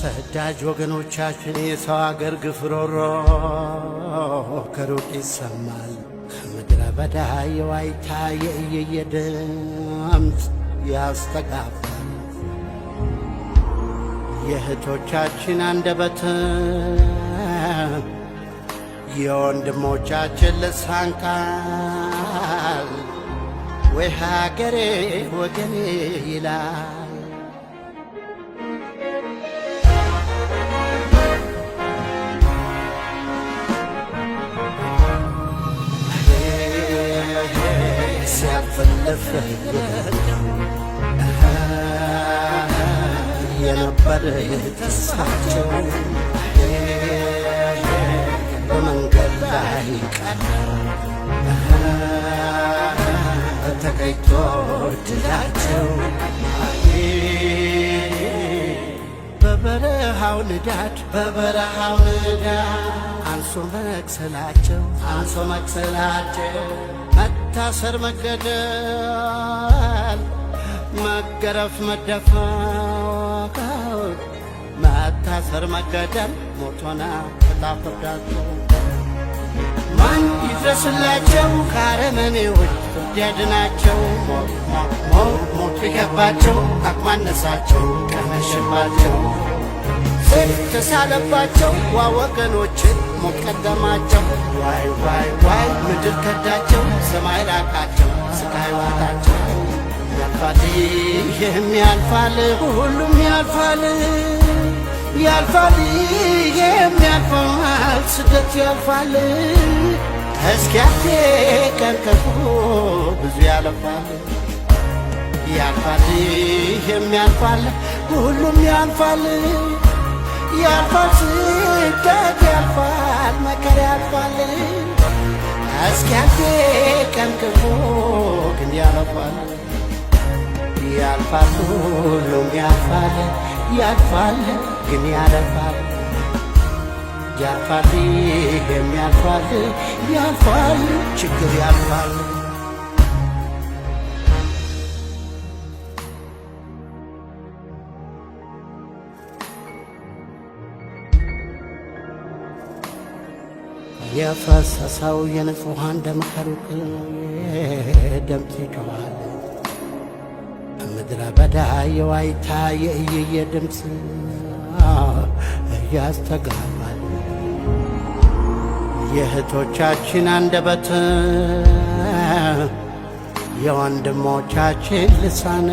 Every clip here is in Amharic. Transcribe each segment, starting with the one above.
ሰዳጅ ወገኖቻችን የሰው አገር ግፍሮሮ ከሩቅ ይሰማል። ከምድረ በዳ የዋይታ የእየየ ድምፅ ያስተጋባል። የእህቶቻችን አንደበት የወንድሞቻችን ልሳን ቃል ወይ ሀገሬ ወገኔ ይላል የነበር ተስፋቸው በመንገድ ላይ ቀረ ተቀይቶ ድላቸው በበረሃው ንዳድ በበረሃው ንዳድ አንሶ መክሰላቸው አንሶ መቅሰላቸው መታሰር መገደል መገረፍ መደፈር መታሰር መገደል ሞቶና ተጣፍርዳቸው ማን ይድረስላቸው ከአረመኔዎች ፍርድ ሞት ይገባቸው አቅማነሳቸው ቀመሽባቸው ስት ተሳለባቸው ዋ ሞት ቀደማቸው። ዋይ ዋይ ዋይ ምድር ከዳቸው፣ ሰማይ ላካቸው፣ ስቃይ ዋታቸው። ያልፋል ይህም ያልፋል፣ ሁሉም ያልፋል፣ ያልፋል ይህም ያልፋል፣ ስደት ያልፋል። እስኪያቴ ቀንከፉ ብዙ ያለፋል፣ ያልፋል ይህም ያልፋል፣ ሁሉም ያልፋል ያልፋል ስደት ያልፋል ያልፋል መከራ ያልፋል። እስኪ አንዴ ቀን ክፉ ግን ያልፋል ያልፋል ሁሉም ያልፋል ያልፋል ግን ያለፋል ያልፋል ይሄም ያልፋል ችግር ያልፋል የፈሰሰው የንጹሐን ደም ከሩቅ ደምት ይገባል። ምድረ በዳ የዋይታ የእየየ ድምፅ ያስተጋባል። የእህቶቻችን አንደበት የወንድሞቻችን ልሳን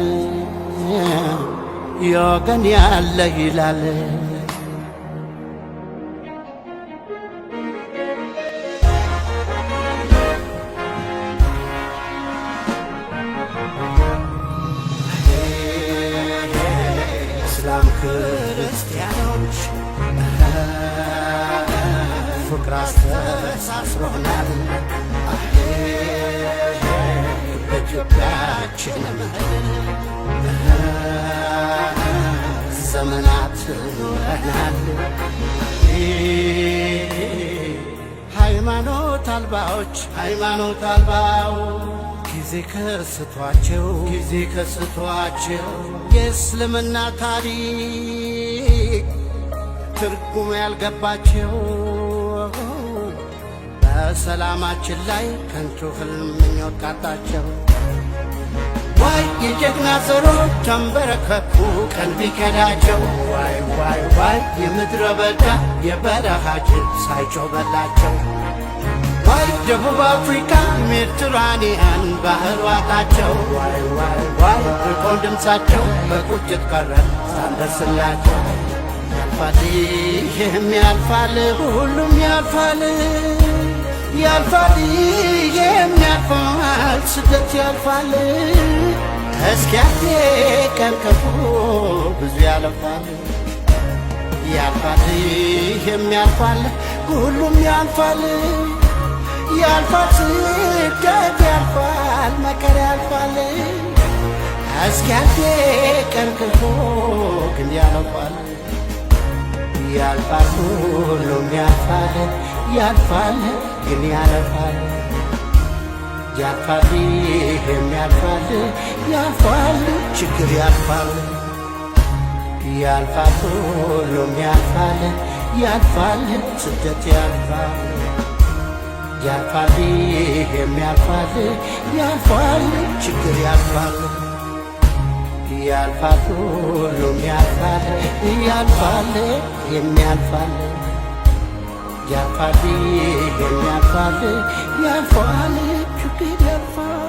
የወገን ያለ ይላል። ክርስቲያኖች ፍቅር አስተሳስሮናል በኢትዮጵያችን ዘመናት ኖረናል። ሃይማኖት አልባዎች ሃይማኖት አልባው ጊዜ ከስቷቸው ጊዜ ከስቷቸው የእስልምና ታሪክ ትርጉም ያልገባቸው በሰላማችን ላይ ከንቱ ህልም ምኞታታቸው ዋይ የጀግና ዘሮች ተንበረከኩ ቀን ቢከዳቸው ዋይ ዋይ ዋይ የምድረ በዳ የበረሃ ጅብ ሳይጮህ በላቸው ደቡብ አፍሪካ ሜድትራንያን ባህር ዋጣቸው ዋይ ብቆን ድምፃቸው በቁጭት ቀረ ሳንደርስላቸው ያልፋል ይህም ያልፋል ሁሉም ያልፋል ያልፋል ይህም ያልፋል ስደት ያልፋል እስኪያቴ ቀን ብዙ ያለፋል ያልፋል ይህም ያልፋል ሁሉም ያልፋል ያልፋል፣ ስደት ያልፋል፣ መከራ ያልፋል። እስኪያልፍ ቀን ክፉ ግን ያልፋል፣ ያልፋል፣ ሁሉም ያልፋል፣ ያልፋል ግን ያልፋል፣ ያልፋል፣ ይህም ያልፋል፣ ያልፋል፣ ችግር ያልፋል፣ ያልፋል፣ ሁሉም ያልፋል፣ ያልፋል፣ ስደት ያልፋል ያልፋል የሚያልፋል ያልፋል ችግር ያልፋል ያልፋል ሁሉም ያልፋል ያልፋል የሚያልፋል ያልፋል የሚያልፋል ያልፋል ችግር ያልፋል